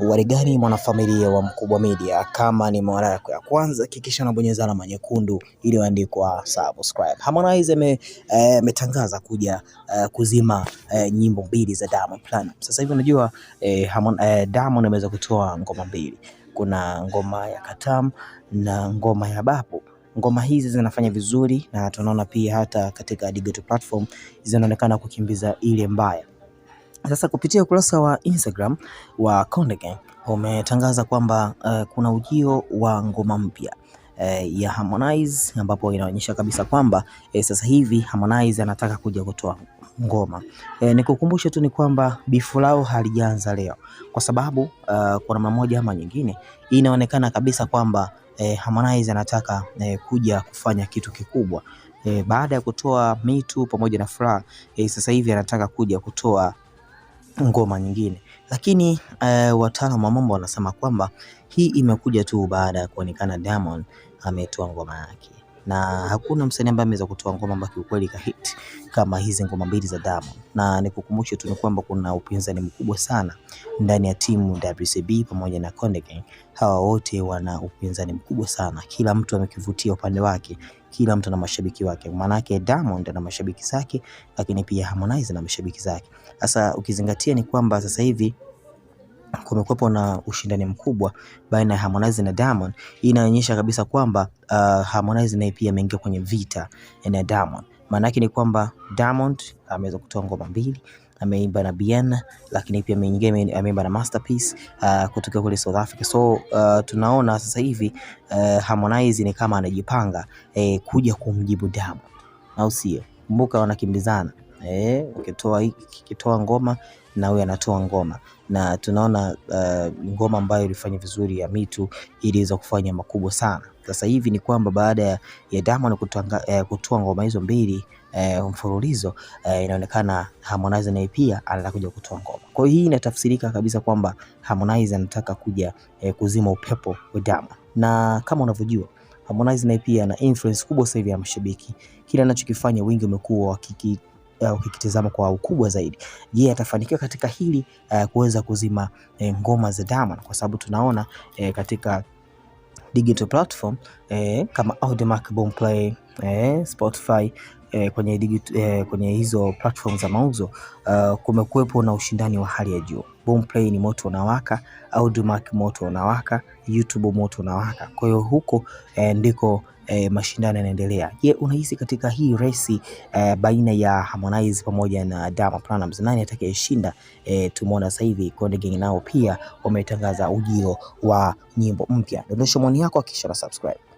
Uwarigani mwanafamilia wa Mkubwa Media kama ni mara yako ya kwanza hakikisha unabonyeza alama nyekundu iliyoandikwa subscribe. Harmonize ametangaza eh, kuja eh, kuzima eh, nyimbo mbili za Diamond Platnumz. Sasa hivi unajua eh, eh, Diamond ameweza kutoa ngoma mbili, kuna ngoma ya Katamu na ngoma ya bapu Ngoma hizi zinafanya vizuri na tunaona pia hata katika digital platform zinaonekana kukimbiza ile mbaya. Sasa kupitia ukurasa wa Instagram wa Konde Gang umetangaza kwamba uh, kuna ujio wa ngoma mpya uh, ya Harmonize ambapo inaonyesha kabisa kwamba uh, sasa hivi Harmonize anataka kuja kutoa ngoma. E, nikukumbushe tu ni kwamba bifu lao halijaanza leo, kwa sababu uh, kwa namna moja ama nyingine inaonekana kabisa kwamba eh, Harmonize anataka eh, kuja kufanya kitu kikubwa E, baada ya kutoa mitu pamoja na furaha e, sasa hivi anataka kuja kutoa ngoma nyingine, lakini uh, wataalamu wa mambo wanasema kwamba hii imekuja tu baada ya kuonekana Diamond ametoa ngoma yake na hakuna msanii ambaye ameweza kutoa ngoma ambayo kiukweli kahit kama hizi ngoma mbili za Diamond. Na nikukumbushe tu ni kwamba kuna upinzani mkubwa sana ndani ya timu WCB pamoja na Konde Gang. Hawa wote wana upinzani mkubwa sana, kila mtu amekivutia upande wake, kila mtu ana mashabiki wake. Maanake Diamond ana mashabiki zake, lakini pia Harmonize na mashabiki zake. Sasa ukizingatia ni kwamba sasa hivi kumekuwepo na ushindani mkubwa baina ya Harmonize na Diamond. Hii inaonyesha kabisa kwamba uh, Harmonize naye pia ameingia kwenye vita eh, na Diamond. Maana yake ni kwamba Diamond ameweza kutoa ngoma mbili ameimba na Bien lakini pia ameingia ameimba na Masterpiece uh, kutoka kule South Africa. So uh, tunaona sasa hivi uh, Harmonize ni kama anajipanga eh, kuja kumjibu Diamond, au sio? Kumbuka wanakimbizana eh, ukitoa ngoma na huyu anatoa ngoma na tunaona uh, ngoma ambayo ilifanya vizuri ya Mitu iliweza kufanya makubwa sana. Sasa hivi ni kwamba baada ya, ya Diamond eh, kutoa ngoma hizo mbili eh, mfululizo eh, inaonekana Harmonize naye pia anataka kutoa ngoma. Kwa hiyo hii inatafsirika kabisa kwamba Harmonize anataka kuja eh, kuzima upepo wa Diamond, na kama unavyojua Harmonize naye pia ana influence kubwa sasa hivi ya mashabiki, kila anachokifanya wengi wamekuwa wakiki uh, ukikitizama kwa ukubwa zaidi. Je, atafanikiwa katika hili uh, kuweza kuzima uh, ngoma za Diamond kwa sababu tunaona uh, katika digital platform uh, kama Audiomack Boomplay eh, Spotify eh, kwenye, digit, eh, kwenye hizo platform za mauzo uh, kumekuwepo na ushindani wa hali ya juu. Boomplay ni moto unawaka, Audiomack moto unawaka, YouTube moto unawaka. Kwa hiyo huko eh, ndiko E, mashindano yanaendelea. Je, unahisi katika hii resi e, eh, baina ya Harmonize pamoja na Diamond Platnumz nani atakayeshinda? Eh, tumeona sasa hivi Konde Gang nao pia wametangaza ujio wa nyimbo mpya. Dondosha maoni yako kisha na subscribe.